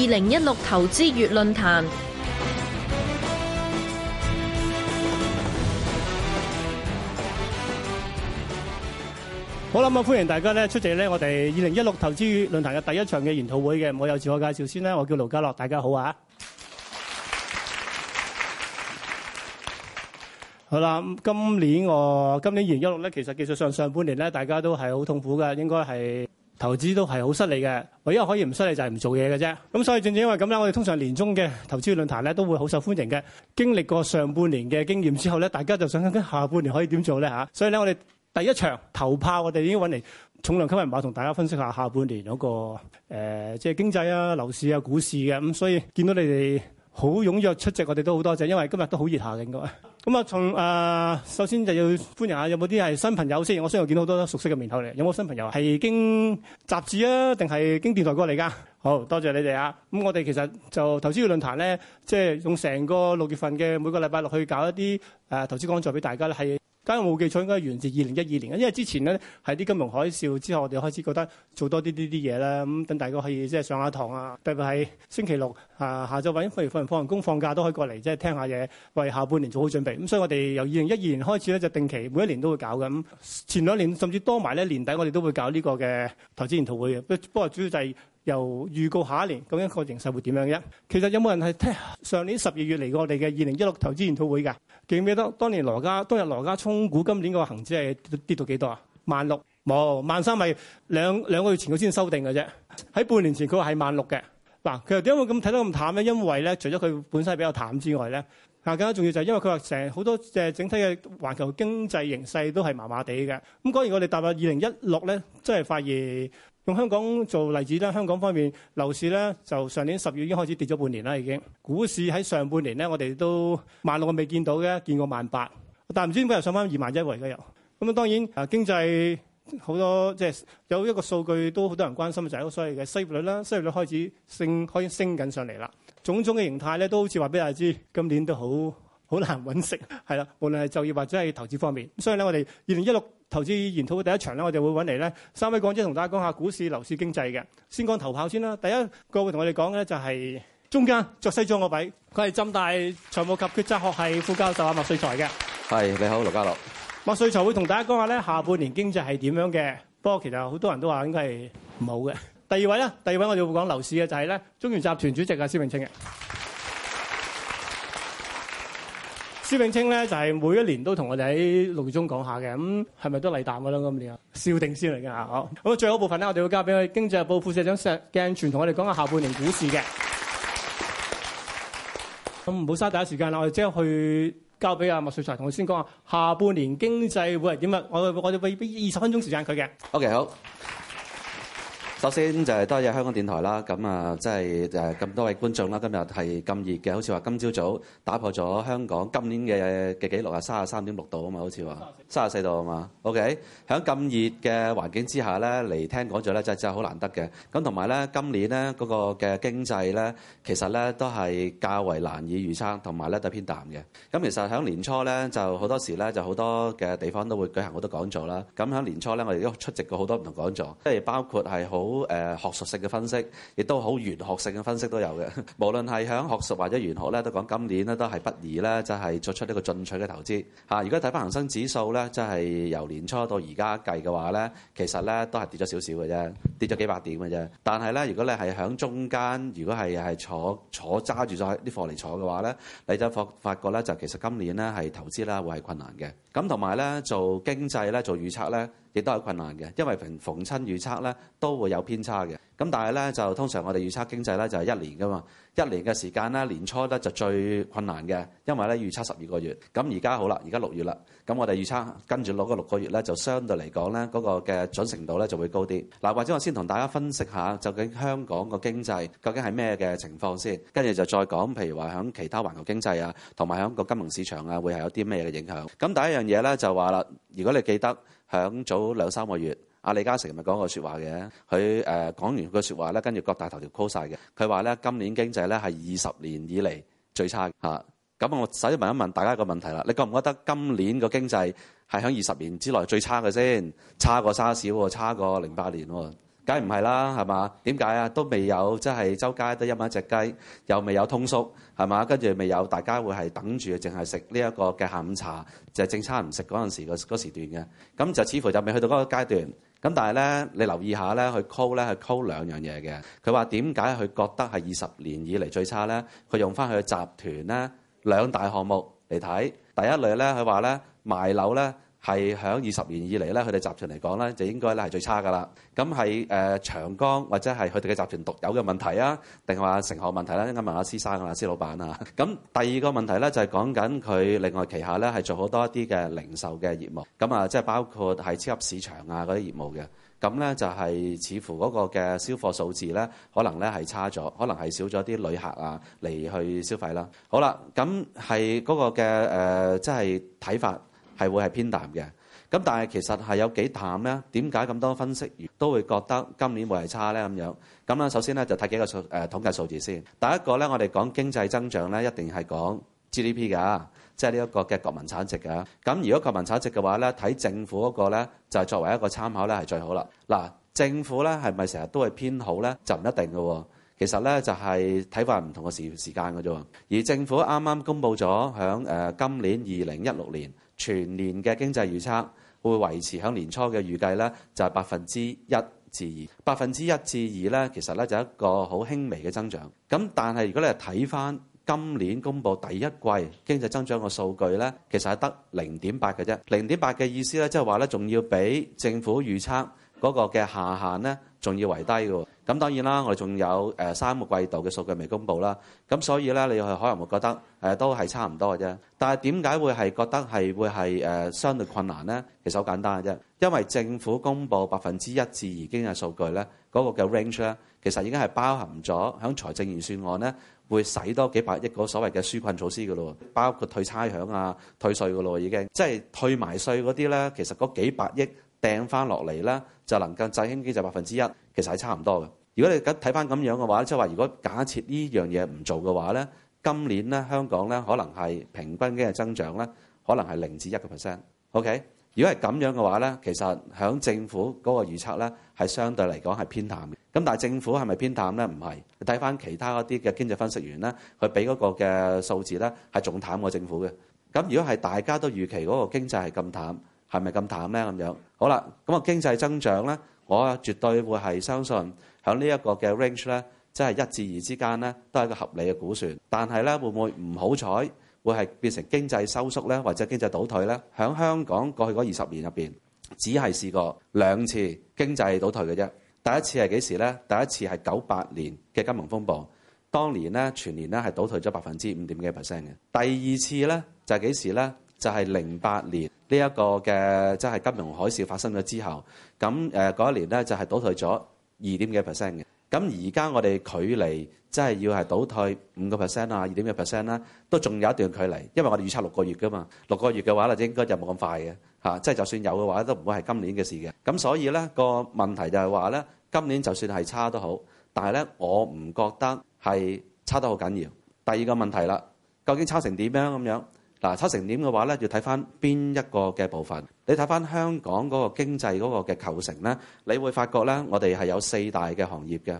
二零一六投資月論壇，好啦，咁啊，歡迎大家咧出席咧，我哋二零一六投資月論壇嘅第一場嘅研討會嘅，我有自我介紹先啦，我叫盧家樂，大家好啊。好啦，今年我今年二零一六咧，其實技術上上半年咧，大家都係好痛苦噶，應該係。投資都係好失利嘅，唯一可以唔失利就係唔做嘢嘅啫。咁所以正正因為咁啦，我哋通常年中嘅投資論壇咧都會好受歡迎嘅。經歷過上半年嘅經驗之後咧，大家就想緊下半年可以點做咧嚇。所以咧，我哋第一場頭炮，我哋已經揾嚟重量級人馬同大家分析下下半年嗰個誒、即係經濟啊、樓市啊、股市嘅咁。所以見到你哋好踴躍出席，我哋都好多謝，因為今日都好熱下嘅應該。咁啊，從誒、呃、首先就要歡迎下有冇啲係新朋友先。我先又見到好多熟悉嘅面頭嚟。有冇新朋友係經雜誌啊，定係經電台過嚟噶、啊？好多謝你哋啊！咁我哋其實就投資月論壇咧，即、就、係、是、用成個六月份嘅每個禮拜六去搞一啲誒、呃、投資講座俾大家咧。係今日冇記錯應該源自二零一二年啊。因為之前咧係啲金融海嘯之後，我哋開始覺得做多啲呢啲嘢啦。咁等大家可以即係上下堂啊，特別係星期六。啊，下晝揾，譬如放完工、放假都可以過嚟，即係聽下嘢，為下半年做好準備。咁所以我哋由二零一二年開始咧，就定期每一年都會搞嘅。咁前兩年甚至多埋咧，年底我哋都會搞呢個嘅投資研討會。不過主要就係由預告下一年究竟個形勢會點樣嘅。其實有冇人係聽上年十二月嚟過我哋嘅二零一六投資研討會嘅？記唔記得當年羅家當日羅家衝股，今年個恆指係跌到幾多啊？萬六？冇，萬三咪，兩兩個月前佢先修訂嘅啫，喺半年前佢話係萬六嘅。嗱，其實點解會咁睇得咁淡咧？因為咧，除咗佢本身係比較淡之外咧，啊，更加重要就係因為佢話成日好多隻整體嘅環球經濟形勢都係麻麻地嘅。咁當然我哋踏入二零一六咧，即係發現用香港做例子咧，香港方面樓市咧就上年十月已經開始跌咗半年啦，已經。股市喺上半年咧，我哋都萬六未見到嘅，見過萬八，但係唔知點解又上翻二萬一圍嘅又。咁啊，當然啊，經濟。好多即係有一個數據都好多人關心嘅就係、是、嗰所謂嘅失業率啦，失業率開始升，開始升緊上嚟啦。種種嘅形態咧都好似話俾大家知，今年都好好難揾食，係啦，無論係就業或者係投資方面。所以咧，我哋二零一六投資研討會第一場咧，我哋會揾嚟咧三位講者同大家講下股市、樓市、經濟嘅。先講頭炮先啦。第一個會同我哋講咧就係中間著西裝個位，佢係浸大財務及決策學系副教授啊，麥萃才嘅。係你好，羅家樂。麥萃才會同大家講下咧，下半年經濟係點樣嘅？不過其實好多人都話應該係唔好嘅。 第二位咧，第二位我哋會講樓市嘅，就係咧中原集團主席啊，施永青。嘅。 施永青咧就係、是、每一年都同我哋喺六月中講下嘅，咁係咪都嚟淡嘅咧？今年笑定先嚟嘅嚇，好。咁 最後一部分咧，我哋會交俾《經濟日報》副社長石鏡泉同我哋講下下半年股市嘅。咁唔好嘥第一時間啦，我哋即刻去。交俾阿麥萃才同佢先講下，下半年經濟會係點啊？我我哋俾二十分鐘時間，佢嘅。O K，好。首先就係多謝香港電台啦，咁啊，即係誒咁多位觀眾啦。今日係咁熱嘅，好似話今朝早打破咗香港今年嘅嘅紀錄啊，卅三點六度啊嘛，好似話卅四度啊嘛。OK，響咁熱嘅環境之下咧，嚟聽講座咧，真係真係好難得嘅。咁同埋咧，今年咧嗰個嘅經濟咧，其實咧都係較為難以預測，同埋咧都係偏淡嘅。咁其實喺年初咧，就好多時咧，就好多嘅地方都會舉行好多講座啦。咁喺年初咧，我哋都出席過好多唔同講座，即係包括係好，好誒學術性嘅分析，亦都好玄學性嘅分析都有嘅。無論係響學術或者玄學咧，都講今年咧都係不宜咧，就係作出呢個進取嘅投資嚇。如果睇翻恒生指數咧，即係由年初到而家計嘅話咧，其實咧都係跌咗少少嘅啫，跌咗幾百點嘅啫。但係咧，如果你係響中間，如果係係坐坐揸住咗啲貨嚟坐嘅話咧，你就發發覺咧，就其實今年咧係投資啦會係困難嘅。咁同埋咧，做經濟咧，做預測咧。亦都係困難嘅，因為平逢親預測咧都會有偏差嘅。咁但係咧就通常我哋預測經濟咧就係一年噶嘛。一年嘅時間啦，年初咧就最困難嘅，因為咧預測十二個月。咁而家好啦，而家六月啦，咁我哋預測跟住攞嗰六個月咧，就相對嚟講咧，嗰個嘅準程度咧就會高啲。嗱，或者我先同大家分析下究竟香港個經濟究竟係咩嘅情況先，跟住就再講，譬如話響其他環球經濟啊，同埋響個金融市場啊，會係有啲咩嘅影響。咁第一樣嘢咧就話啦，如果你記得響早兩三個月。阿李嘉誠咪講過説話嘅，佢誒講完個説話咧，跟住各大頭條 call 晒嘅。佢話咧今年經濟咧係二十年以嚟最差嚇。咁、啊、我首先問一問大家個問題啦，你覺唔覺得今年個經濟係喺二十年之內最差嘅先？差過沙士喎，差過零八年喎，梗係唔係啦？係嘛？點解啊？都未有即係周街都一蚊一隻雞，又未有通縮係嘛？跟住未有大家會係等住，淨係食呢一個嘅下午茶，就係、是、正餐唔食嗰陣時段嘅。咁就似乎就未去到嗰個階段。咁但係呢，你留意下呢，佢 call 呢，佢 call 兩樣嘢嘅。佢話點解佢覺得係二十年以來最差呢。佢用返佢集團呢兩大項目嚟睇。第一類呢，佢話呢，賣樓呢。係喺二十年以嚟咧，佢哋集團嚟講咧，就應該咧係最差噶啦。咁係誒長江或者係佢哋嘅集團獨有嘅問題啊，定係話成行問題咧？應該問下施生啊，施老闆啊。咁第二個問題咧就係講緊佢另外旗下咧係做好多一啲嘅零售嘅業務。咁啊，即係包括係超級市場啊嗰啲業務嘅。咁咧就係似乎嗰個嘅銷貨數字咧，可能咧係差咗，可能係少咗啲旅客啊嚟去消費啦。好啦，咁係嗰個嘅誒，即係睇法。係會係偏淡嘅咁，但係其實係有幾淡呢？點解咁多分析員都會覺得今年會係差呢？咁樣咁咧？首先咧就睇幾個數誒、呃、統計數字先。第一個咧，我哋講經濟增長咧，一定係講 GDP 㗎、啊，即係呢一個嘅國民產值㗎。咁如果國民產值嘅話咧，睇政府嗰個咧就作為一個參考咧，係最好啦。嗱，政府咧係咪成日都係偏好咧？就唔一定嘅喎。其實咧就係、是、睇返唔同嘅時時間㗎啫。而政府啱啱公布咗響誒今年二零一六年，全年嘅經濟預測會維持喺年初嘅預計呢就係百分之一至二。百分之一至二呢，其實呢就係一個好輕微嘅增長。咁但係如果你睇翻今年公布第一季經濟增長個數據呢其實係得零點八嘅啫。零點八嘅意思呢，即係話呢，仲要比政府預測嗰個嘅下限呢。仲要為低㗎喎，咁當然啦，我哋仲有、呃、三個季度嘅數據未公布啦，咁所以咧，你係可能會覺得誒、呃、都係差唔多嘅啫。但係點解會係覺得係會係相對困難咧？其實好簡單嘅啫，因為政府公布百分之一至二嘅數據咧，嗰、嗰個嘅 range 咧，其實已經係包含咗響財政預算案咧會使多幾百億嗰所謂嘅紓困措施㗎咯，包括退差餉啊、退稅㗎咯，已經即係退埋稅嗰啲咧，其實嗰幾百億。掟翻落嚟啦，就能夠制興經濟百分之一，其實係差唔多嘅。如果你咁睇翻咁樣嘅話，即係話如果假設呢樣嘢唔做嘅話咧，今年咧香港咧可能係平均經濟增長咧，可能係零至一個 percent。OK，如果係咁樣嘅話咧，其實響政府嗰個預測咧係相對嚟講係偏淡嘅。咁但係政府係咪偏淡咧？唔係。睇翻其他嗰啲嘅經濟分析員咧，佢俾嗰個嘅數字咧係仲淡過政府嘅。咁如果係大家都預期嗰個經濟係咁淡。係咪咁淡呢？咁樣好啦，咁啊經濟增長呢，我絕對會係相信喺呢一個嘅 range 呢，即係一至二之間呢，都係一個合理嘅估算。但係呢，會唔會唔好彩會係變成經濟收縮呢，或者經濟倒退呢？喺香港過去嗰二十年入邊，只係試過兩次經濟倒退嘅啫。第一次係幾時呢？第一次係九八年嘅金融風暴，當年呢，全年呢係倒退咗百分之五點幾 percent 嘅。第二次呢，就係幾時呢？就係零八年。呢一個嘅即係金融海嘯發生咗之後，咁誒嗰一年咧就係、是、倒退咗二點幾 percent 嘅。咁而家我哋距離即係要係倒退五個 percent 啊、二點幾 percent 啦，都仲有一段距離。因為我哋預測六個月㗎嘛，六個月嘅話咧應該就冇咁快嘅嚇。即、啊、係就算有嘅話，都唔會係今年嘅事嘅。咁所以咧個問題就係話咧，今年就算係差都好，但係咧我唔覺得係差得好緊要。第二個問題啦，究竟差成點樣咁樣？嗱，七成點嘅話咧，要睇翻邊一個嘅部分。你睇翻香港嗰個經濟嗰個嘅構成咧，你會發覺咧，我哋係有四大嘅行業嘅。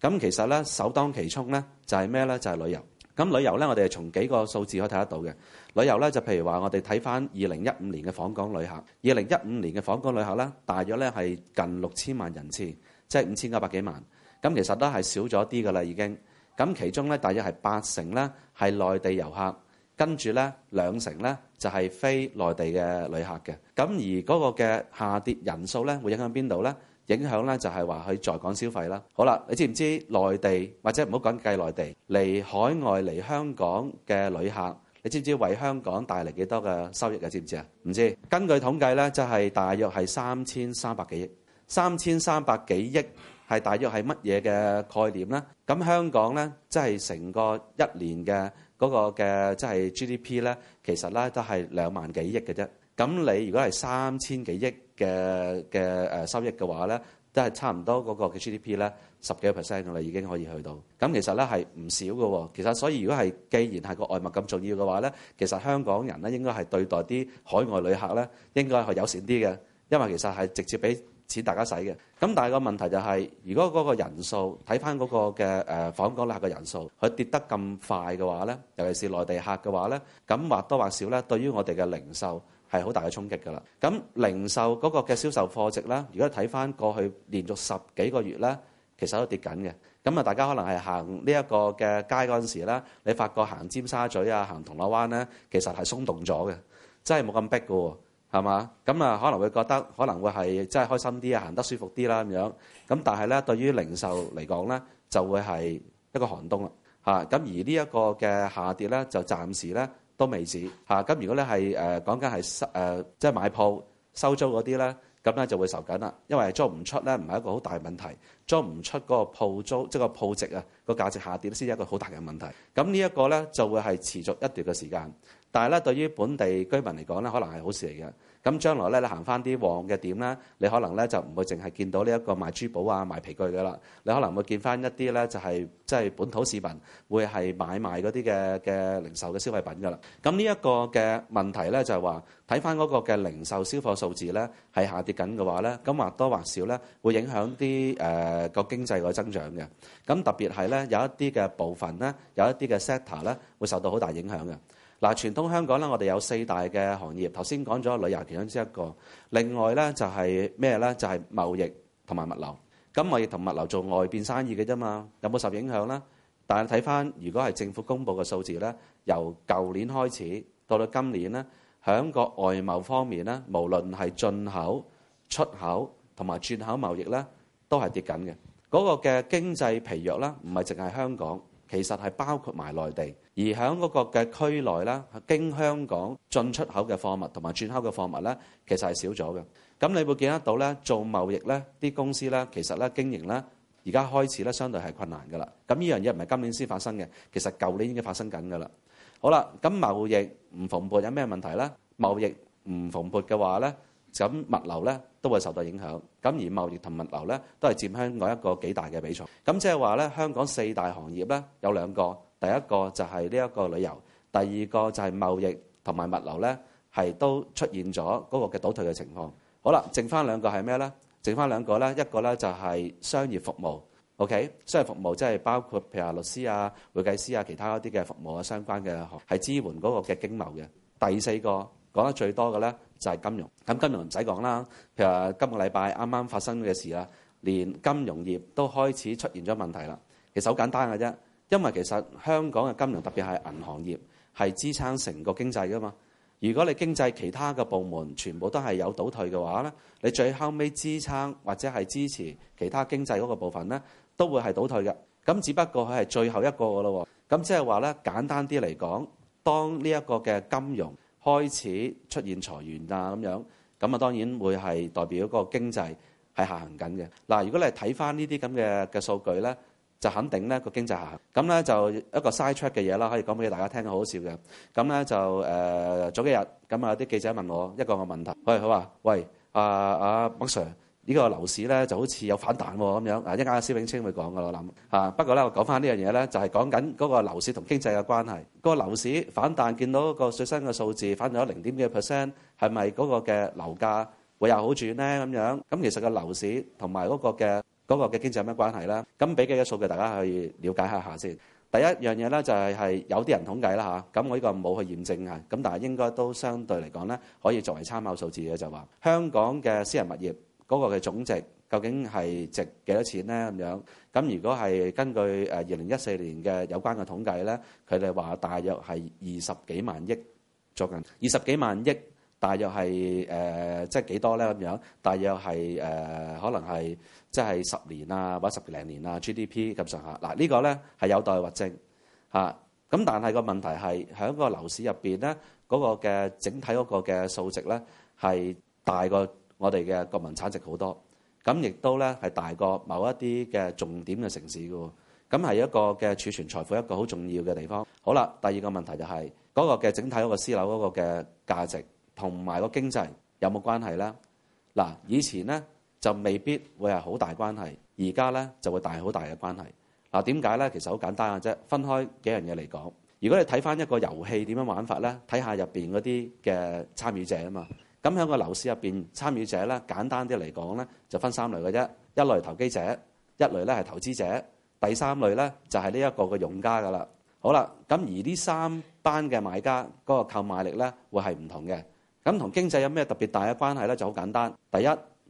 咁其實咧，首當其衝咧，就係咩咧？就係旅遊。咁旅遊咧，我哋係從幾個數字可以睇得到嘅。旅遊咧，就譬如話，我哋睇翻二零一五年嘅訪港旅客，二零一五年嘅訪港旅客咧，大約咧係近六千萬人次，即係五千九百幾萬。咁其實都係少咗啲㗎啦，已經。咁其中咧，大約係八成咧係內地遊客。跟住呢兩成呢，就係非內地嘅旅客嘅咁，而嗰個嘅下跌人數呢，會影響邊度呢？影響呢，就係話佢在港消費啦。好啦，你知唔知內地或者唔好講計內地嚟海外嚟香港嘅旅客，你知唔知為香港帶嚟幾多嘅收益啊？知唔知啊？唔知根據統計呢，就係大約係三千三百幾億，三千三百幾億。3, 係大約係乜嘢嘅概念咧？咁香港咧，即係成個一年嘅嗰個嘅即係 GDP 咧，其實咧都係兩萬幾億嘅啫。咁你如果係三千幾億嘅嘅誒收益嘅話咧，都係差唔多嗰個嘅 GDP 咧十幾個 percent 㗎啦，已經可以去到。咁其實咧係唔少嘅啊。其實所以如果係既然係個外物咁重要嘅話咧，其實香港人咧應該係對待啲海外旅客咧應該係友善啲嘅，因為其實係直接俾錢大家使嘅，咁但係個問題就係、是，如果嗰個人數睇翻嗰個嘅誒訪港客嘅人數，佢跌得咁快嘅話咧，尤其是內地客嘅話咧，咁或多或少咧，對於我哋嘅零售係好大嘅衝擊㗎啦。咁零售嗰個嘅銷售貨值咧，如果你睇翻過去連續十幾個月咧，其實都跌緊嘅。咁啊，大家可能係行呢一個嘅街嗰陣時咧，你發覺行尖沙咀啊，行銅鑼灣咧，其實係鬆動咗嘅，真係冇咁逼㗎喎。係嘛？咁啊，可能會覺得可能會係真係開心啲啊，行得舒服啲啦咁樣。咁但係咧，對於零售嚟講咧，就會係一個寒冬啦嚇。咁、啊、而呢一個嘅下跌咧，就暫時咧都未止嚇。咁、啊、如果咧係誒講緊係收誒即係買鋪收租嗰啲咧，咁咧就會受緊啦，因為租唔出咧唔係一個好大嘅問題，租唔出嗰個鋪租即係個鋪值啊個價值下跌先係一個好大嘅問題。咁、啊這個、呢一個咧就會係持續一段嘅時間。但係咧，對於本地居民嚟講咧，可能係好事嚟嘅。咁將來咧，你行翻啲旺嘅點咧，你可能咧就唔會淨係見到呢一個賣珠寶啊、賣皮具嘅啦。你可能會見翻一啲咧，就係即係本土市民會係買賣嗰啲嘅嘅零售嘅消費品㗎啦。咁呢一個嘅問題咧，就係話睇翻嗰個嘅零售消費數字咧係下跌緊嘅話咧，咁或多或少咧會影響啲誒個經濟個增長嘅。咁特別係咧，有一啲嘅部分咧，有一啲嘅 sector 咧會受到好大影響嘅。嗱，傳統香港呢我哋有四大嘅行業。頭先講咗旅遊，其中之一個。另外呢就係咩呢？就係貿易同埋物流。咁貿易同物流做外邊生意嘅啫嘛，有冇受影響呢？但係睇返，如果係政府公布嘅數字呢，由舊年開始到到今年呢，響個外貿方面呢，無論係進口、出口同埋轉口貿易呢，都係跌緊嘅。嗰個嘅經濟疲弱呢，唔係淨係香港。其實係包括埋內地，而喺嗰個嘅區內咧，經香港進出口嘅貨物同埋轉口嘅貨物咧，其實係少咗嘅。咁你會見得到咧，做貿易咧，啲公司咧，其實咧經營咧，而家開始咧，相對係困難㗎啦。咁呢樣嘢唔係今年先發生嘅，其實舊年已經發生緊㗎啦。好啦，咁貿易唔蓬勃有咩問題咧？貿易唔蓬勃嘅話咧？咁物流咧都會受到影響，咁而貿易同物流咧都係佔香港一個幾大嘅比重。咁即係話咧，香港四大行業咧有兩個，第一個就係呢一個旅遊，第二個就係貿易同埋物流咧，係都出現咗嗰個嘅倒退嘅情況。好啦，剩翻兩個係咩咧？剩翻兩個咧，一個咧就係商業服務，OK？商業服務即係包括譬如話律師啊、會計師啊，其他一啲嘅服務啊，相關嘅行，係支援嗰個嘅經貿嘅。第四個講得最多嘅咧。就係金融，咁金融唔使講啦。譬如今個禮拜啱啱發生嘅事啦，連金融業都開始出現咗問題啦。其實好簡單嘅啫，因為其實香港嘅金融，特別係銀行業，係支撐成個經濟噶嘛。如果你經濟其他嘅部門全部都係有倒退嘅話咧，你最後尾支撐或者係支持其他經濟嗰個部分咧，都會係倒退嘅。咁只不過佢係最後一個噶咯喎。咁即係話咧，簡單啲嚟講，當呢一個嘅金融開始出現裁員啊咁樣，咁啊當然會係代表嗰個經濟係下行緊嘅。嗱，如果你係睇翻呢啲咁嘅嘅數據咧，就肯定咧個經濟下行。咁咧就一個 side track 嘅嘢啦，可以講俾大家聽好好笑嘅。咁咧就誒、呃、早幾日，咁啊有啲記者問我一個問題，喂佢話，喂阿阿 Mark Sir。啊啊呢個樓市咧就好似有反彈咁樣。啊，一陣間阿施永青會講噶啦，我諗啊。不過咧，我講返呢樣嘢咧，就係講緊嗰個樓市同經濟嘅關係。嗰個樓市反彈，見到個最新嘅數字反彈咗零點幾 percent，係咪嗰個嘅樓價會有好轉咧？咁樣咁其實個樓市同埋嗰個嘅嗰個嘅經濟有咩關係咧？咁俾幾個數據，大家去瞭解一下先。第一樣嘢咧就係係有啲人統計啦嚇，咁我呢個冇去驗證啊。咁但係應該都相對嚟講咧，可以作為參考數字嘅就話香港嘅私人物業。嗰個嘅總值究竟係值幾多錢咧？咁樣咁如果係根據誒二零一四年嘅有關嘅統計咧，佢哋話大約係二十幾萬億，捉緊二十幾萬億，大約係誒即係幾多咧？咁樣大約係誒、呃、可能係即係十年啊，或者十零年啊 GDP 咁上下嗱，這個、呢個咧係有待核證吓。咁、啊、但係個問題係喺個樓市入邊咧，嗰、那個嘅整體嗰個嘅數值咧係大過我哋嘅國民產值好多，咁亦都咧係大過某一啲嘅重點嘅城市嘅，咁係一個嘅儲存財富一個好重要嘅地方。好啦，第二個問題就係嗰個嘅整體嗰個私樓嗰個嘅價值同埋個經濟有冇關係咧？嗱，以前咧就未必會係好大關係，而家咧就會大好大嘅關係。嗱，點解咧？其實好簡單嘅啫，分開幾樣嘢嚟講。如果你睇翻一個遊戲點樣玩法咧，睇下入邊嗰啲嘅參與者啊嘛。咁喺個樓市入面參與者咧簡單啲嚟講咧，就分三類嘅啫。一類投機者，一類咧係投資者，第三類咧就係呢一個嘅用家噶啦。好啦，咁而呢三班嘅買家嗰個購買力咧，會係唔同嘅。咁同經濟有咩特別大嘅關係咧？就好簡單，第一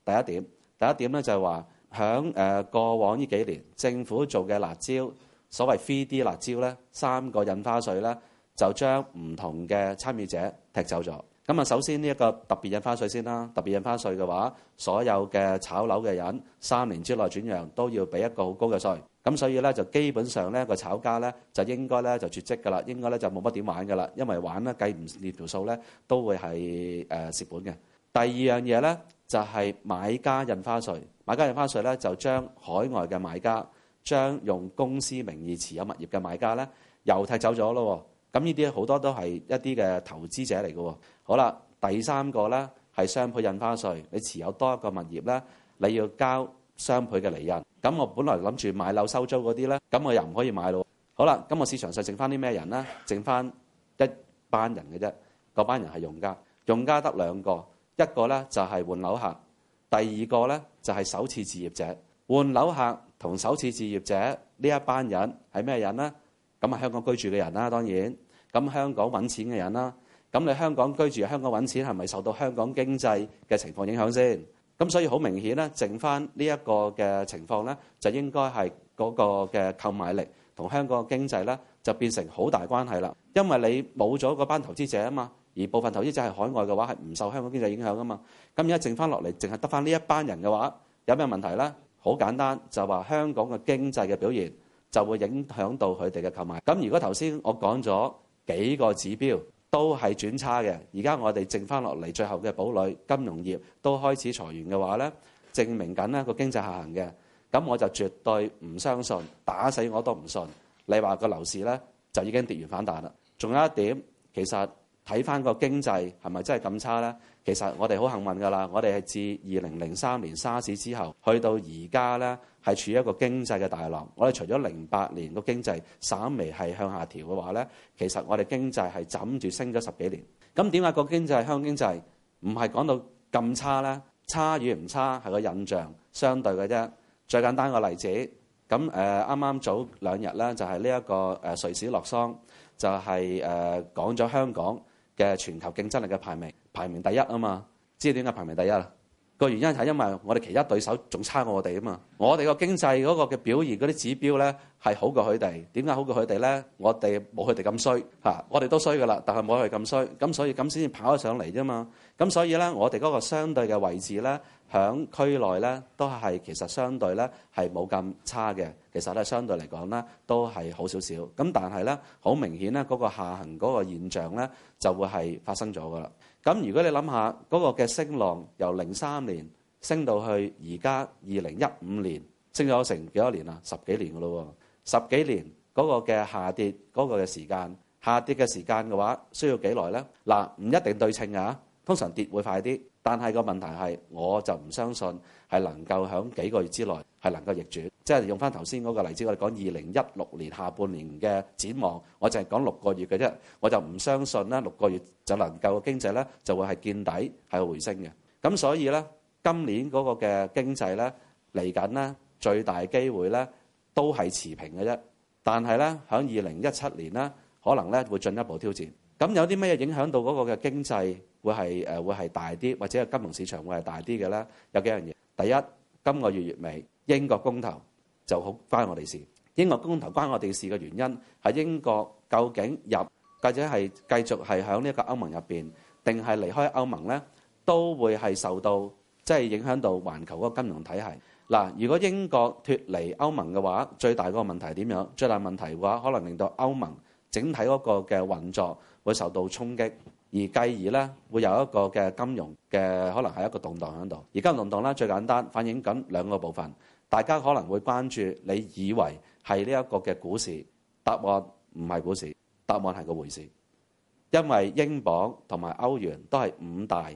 第一點，第一點咧就係話喺誒過往呢幾年政府做嘅辣椒，所謂 three D 辣椒咧，三個印花稅咧，就將唔同嘅參與者踢走咗。咁啊，首先呢一個特別印花稅先啦。特別印花稅嘅話，所有嘅炒樓嘅人三年之內轉讓都要俾一個好高嘅稅。咁所以咧就基本上咧個炒家咧就應該咧就絕跡噶啦，應該咧就冇乜點玩噶啦，因為玩咧計唔列條數咧都會係誒蝕本嘅。第二樣嘢咧就係買家印花稅，買家印花稅咧就將海外嘅買家，將用公司名義持有物業嘅買家咧又踢走咗咯。咁呢啲好多都係一啲嘅投資者嚟嘅。好啦，第三個咧係雙倍印花稅，你持有多一個物業咧，你要交雙倍嘅利潤。咁我本來諗住買樓收租嗰啲咧，咁我又唔可以買咯。好啦，咁我市場上剩翻啲咩人咧？剩翻一班人嘅啫，嗰班人係用家，用家得兩個，一個咧就係換樓客，第二個咧就係首次置業者。換樓客同首次置業者這一呢一班人係咩人咧？咁啊，香港居住嘅人啦，當然，咁香港揾錢嘅人啦。咁你香港居住、香港揾錢係咪受到香港經濟嘅情況影響先？咁所以好明顯咧，剩翻呢一個嘅情況咧，就應該係嗰個嘅購買力同香港經濟咧，就變成好大關係啦。因為你冇咗嗰班投資者啊嘛，而部分投資者係海外嘅話係唔受香港經濟影響噶嘛。咁而家剩翻落嚟，淨係得翻呢一班人嘅話，有咩問題呢？好簡單，就話香港嘅經濟嘅表現就會影響到佢哋嘅購買。咁如果頭先我講咗幾個指標。都係轉差嘅，而家我哋剩返落嚟最後嘅堡壘金融業都開始裁員嘅話呢，證明緊呢個經濟下行嘅。咁我就絕對唔相信，打死我都唔信。你話個樓市呢，就已經跌完反彈啦。仲有一點，其實。睇翻個經濟係咪真係咁差呢？其實我哋好幸運㗎啦，我哋係自二零零三年沙士之後，去到而家呢，係處於一個經濟嘅大浪。我哋除咗零八年個經濟稍微係向下調嘅話呢，其實我哋經濟係枕住升咗十幾年。咁點解個經濟係香港經濟唔係講到咁差呢？差與唔差係個印象相對嘅啫。最簡單個例子，咁啱啱早兩日呢，就係呢一個、呃、瑞士洛桑就係、是、誒、呃、講咗香港嘅全球競爭力嘅排名，排名第一啊嘛，知點解排名第一啦。個原因係因為我哋其他對手仲差過我哋啊嘛，我哋個經濟嗰個嘅表現嗰啲指標咧係好過佢哋。點解好過佢哋咧？我哋冇佢哋咁衰，我哋都衰噶啦，但係冇佢哋咁衰。咁所以咁先至跑咗上嚟啫嘛。咁所以咧，我哋嗰個相對嘅位置咧，響區內咧都係其實相對咧係冇咁差嘅。其實咧相對嚟講咧都係好少少。咁但係咧好明顯咧嗰個下行嗰個現象咧就會係發生咗噶啦。咁如果你諗下嗰個嘅升浪由零三年升到去而家二零一五年，升咗成幾多年啦？十幾年噶咯喎，十幾年嗰個嘅下跌嗰個嘅時間，下跌嘅時間嘅話，需要幾耐呢？嗱，唔一定對稱啊，通常跌會快啲。但係個問題係，我就唔相信係能夠喺幾個月之內係能夠逆轉。即係用翻頭先嗰個例子，我哋講二零一六年下半年嘅展望，我淨係講六個月嘅啫。我就唔相信啦，六個月就能夠嘅經濟咧就會係見底係回升嘅。咁所以咧，今年嗰個嘅經濟咧嚟緊咧最大機會咧都係持平嘅啫。但係咧，喺二零一七年咧可能咧會進一步挑戰。咁有啲咩影響到嗰個嘅經濟？會係誒、呃、會係大啲，或者係金融市場會係大啲嘅啦。有幾樣嘢，第一，今個月月尾英國公投就好關我哋事。英國公投關我哋事嘅原因係英國究竟入或者係繼續係響呢一個歐盟入邊，定係離開歐盟咧，都會係受到即係影響到環球嗰個金融體系。嗱，如果英國脫離歐盟嘅話，最大嗰個問題點樣？最大問題嘅話，可能令到歐盟整體嗰個嘅運作會受到衝擊。而繼而咧，會有一個嘅金融嘅可能係一個動盪喺度。而金融動盪咧，最簡單反映緊兩個部分，大家可能會關注你以為係呢一個嘅股市，答案唔係股市，答案係個匯市，因為英鎊同埋歐元都係五大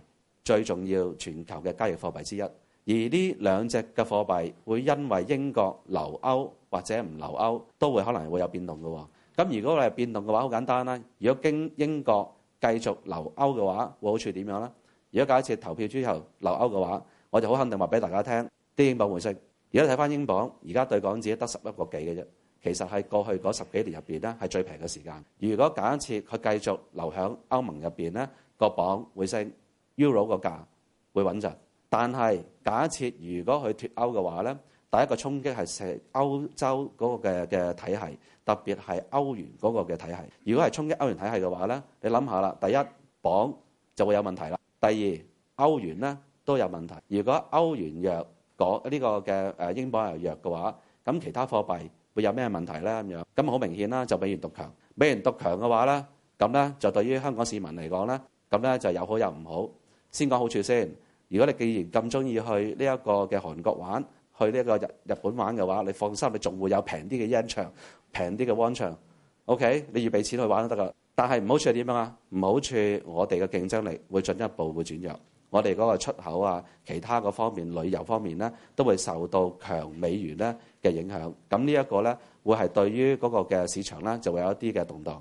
最重要全球嘅交易貨幣之一。而呢兩隻嘅貨幣會因為英國留歐或者唔留歐都會可能係會有變動嘅喎。咁如果係變動嘅話，好簡單啦。如果經英國繼續留歐嘅話，會好處點樣啦？如果假設投票之後留歐嘅話，我就好肯定話俾大家聽，啲英鎊會升。而家睇翻英鎊，而家對港紙得十一個幾嘅啫，其實係過去嗰十幾年入面咧係最平嘅時間。如果假設佢繼續留響歐盟入面咧，個鎊會升，Euro 個價會穩陣。但係假設如果佢脱歐嘅話咧，第一個衝擊係成歐洲嗰個嘅嘅體系，特別係歐元嗰個嘅體系。如果係衝擊歐元體系嘅話咧，你諗下啦，第一，鎊就會有問題啦；第二，歐元咧都有問題。如果歐元弱，講呢個嘅誒英鎊又弱嘅話，咁其他貨幣會有咩問題咧？咁樣咁好明顯啦，就美元獨強。美元獨強嘅話咧，咁咧就對於香港市民嚟講咧，咁咧就有好有唔好。先講好處先。如果你既然咁中意去呢一個嘅韓國玩，去呢一個日日本玩嘅話，你放心，你仲會有平啲嘅音場、平啲嘅安場。OK，你預備錢去玩都得噶。但係唔好處係點樣啊？唔好處，我哋嘅競爭力會進一步會轉弱。我哋嗰個出口啊，其他個方面旅遊方面咧，都會受到強美元咧嘅影響。咁呢一個咧，會係對於嗰個嘅市場咧，就會有一啲嘅動盪。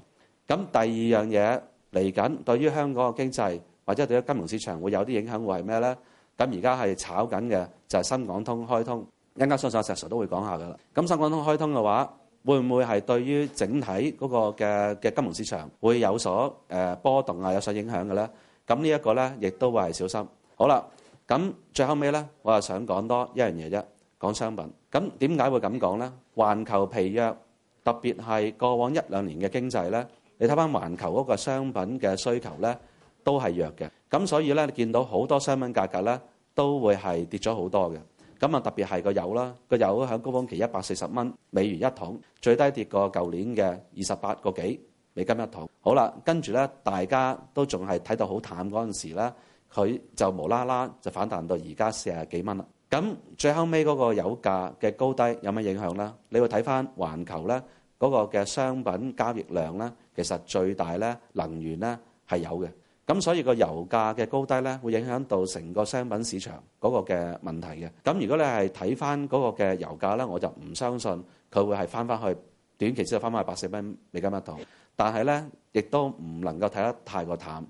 咁第二樣嘢嚟緊，對於香港嘅經濟或者對於金融市場會有啲影響會什麼呢，會係咩咧？咁而家係炒緊嘅就係深港通開通，一陣間相信阿石 Sir 都會講下噶啦。咁深港通開通嘅話，會唔會係對於整體嗰個嘅嘅金融市場會有所誒波動啊，有所影響嘅咧？咁呢一個咧，亦都會係小心。好啦，咁最後尾咧，我又想講多一樣嘢啫，講商品。咁點解會咁講咧？環球疲弱，特別係過往一兩年嘅經濟咧，你睇翻環球嗰個商品嘅需求咧，都係弱嘅。咁所以咧，你見到好多商品價格咧都會係跌咗好多嘅。咁啊，特別係個油啦，個油喺高峰期一百四十蚊美元一桶，最低跌過舊年嘅二十八個幾美金一桶。好。好啦，跟住咧，大家都仲係睇到好淡嗰陣時咧，佢就無啦啦就反彈到而家四十幾蚊啦。咁最後尾嗰個油價嘅高低有乜影響咧？你會睇翻環球咧嗰個嘅商品交易量咧，其實最大咧能源咧係有嘅。咁所以個油價嘅高低呢，會影響到成個商品市場嗰個嘅問題嘅。咁如果你係睇返嗰個嘅油價呢，我就唔相信佢會係返返去短期之內返返去八十蚊美金一桶，但係呢，亦都唔能夠睇得太過淡。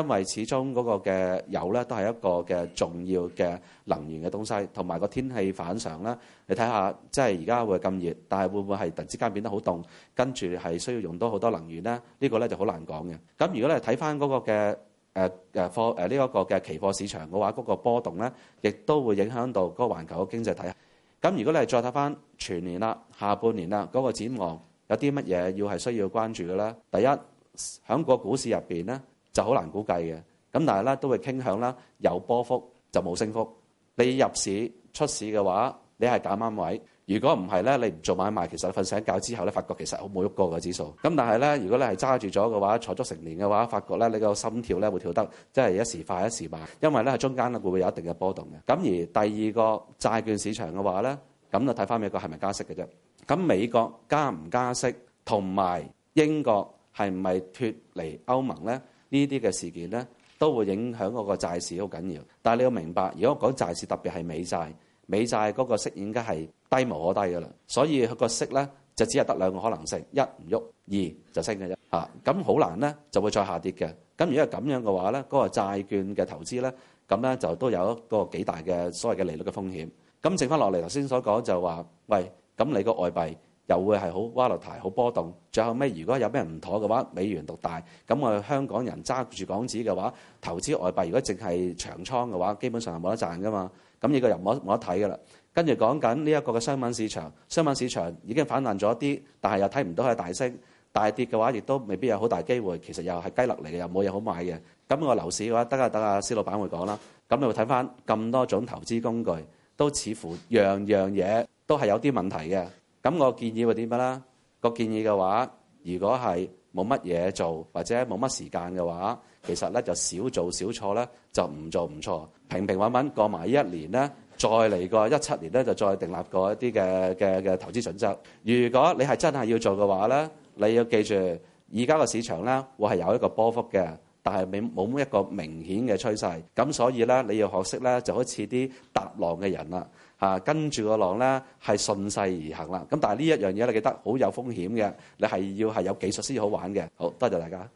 因為始終嗰個嘅油咧，都係一個嘅重要嘅能源嘅東西，同埋個天氣反常啦。你睇下，即係而家會咁熱，但係會唔會係突然之間變得好凍，跟住係需要用到好多能源咧？呢個咧就好難講嘅。咁如果你睇翻嗰個嘅誒誒貨誒呢一個嘅期貨市場嘅話，嗰個波動咧，亦都會影響到嗰個環球嘅經濟體。咁如果你再睇翻全年啦、下半年啦嗰個展望，有啲乜嘢要係需要關注嘅咧？第一，響個股市入邊咧。就好難估計嘅咁，但係咧都會傾向啦。有波幅就冇升幅。你入市出市嘅話，你係減啱位。如果唔係咧，你唔做買賣，其實瞓醒覺之後咧，發覺其實好冇喐過個指數。咁但係咧，如果你係揸住咗嘅話，坐足成年嘅話，發覺咧你個心跳咧會跳得即係、就是、一時快一時慢，因為咧喺中間會會有一定嘅波動嘅。咁而第二個債券市場嘅話咧，咁就睇翻美國係咪加息嘅啫。咁美國加唔加息，同埋英國係唔係脱離歐盟咧？呢啲嘅事件咧都會影響嗰個債市好緊要，但係你要明白，如果講債市，特別係美債，美債嗰個息應該係低無可低㗎啦，所以佢個息咧就只係得兩個可能性：一唔喐，二就升嘅啫。嚇，咁好難咧就會再下跌嘅。咁如果係咁樣嘅話咧，嗰個債券嘅投資咧，咁咧就都有一個幾大嘅所謂嘅利率嘅風險。咁剩翻落嚟頭先所講就話，喂，咁你個外幣。又會係好蛙落蹄，好波動。最後尾，如果有咩人唔妥嘅話，美元獨大，咁我哋香港人揸住港紙嘅話，投資外幣如果淨係長倉嘅話，基本上係冇得賺噶嘛。咁呢個又冇冇得睇噶啦。跟住講緊呢一個嘅商品市場，商品市場已經反彈咗啲，但係又睇唔到係大升大跌嘅話，亦都未必有好大機會。其實又係雞肋嚟嘅，又冇嘢好買嘅。咁個樓市嘅話，等下等下施老闆會講啦。咁你會睇翻咁多種投資工具，都似乎樣樣嘢都係有啲問題嘅。咁我建議會點樣啦？個建議嘅話，如果係冇乜嘢做或者冇乜時間嘅話，其實咧就少做少錯啦，就唔做唔錯，平平穩穩過埋呢一年咧，再嚟過一七年咧就再訂立過一啲嘅嘅嘅投資準則。如果你係真係要做嘅話咧，你要記住，而家個市場咧，會係有一個波幅嘅，但係冇一個明顯嘅趨勢。咁所以咧，你要學識咧，就好似啲踏浪嘅人啦。嚇，跟住個浪咧，係順勢而行啦。咁但係呢一樣嘢，你記得好有風險嘅，你係要係有技術先好玩嘅。好多謝大家。